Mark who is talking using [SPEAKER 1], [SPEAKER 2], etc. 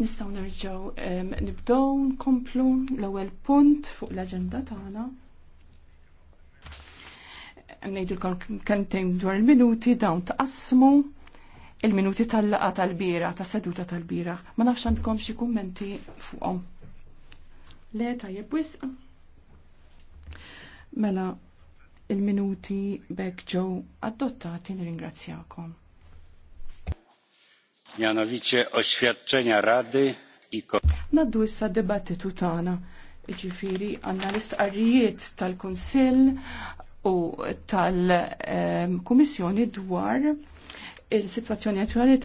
[SPEAKER 1] Nistgħu nerġgħu nibdew nkomplu l-ewwel punt fuq l-aġenda tagħna. Ngħidulkom kentejn dwar il-minuti dawn tqassmu il-minuti tal-laqa tal-bira, ta' seduta tal-bira. Ma nafx għandkom xi kummenti fuqhom. Le tajjeb wisq. Mela, il-minuti bekk ġew adottati nirringrazzjakom
[SPEAKER 2] mianowicie oświadczenia Rady i
[SPEAKER 1] Komisji. issa dibattitu tagħna. għanna għandna l-istqarrijiet tal-Kunsill u tal-Kummissjoni eh, dwar il-sitwazzjoni attuali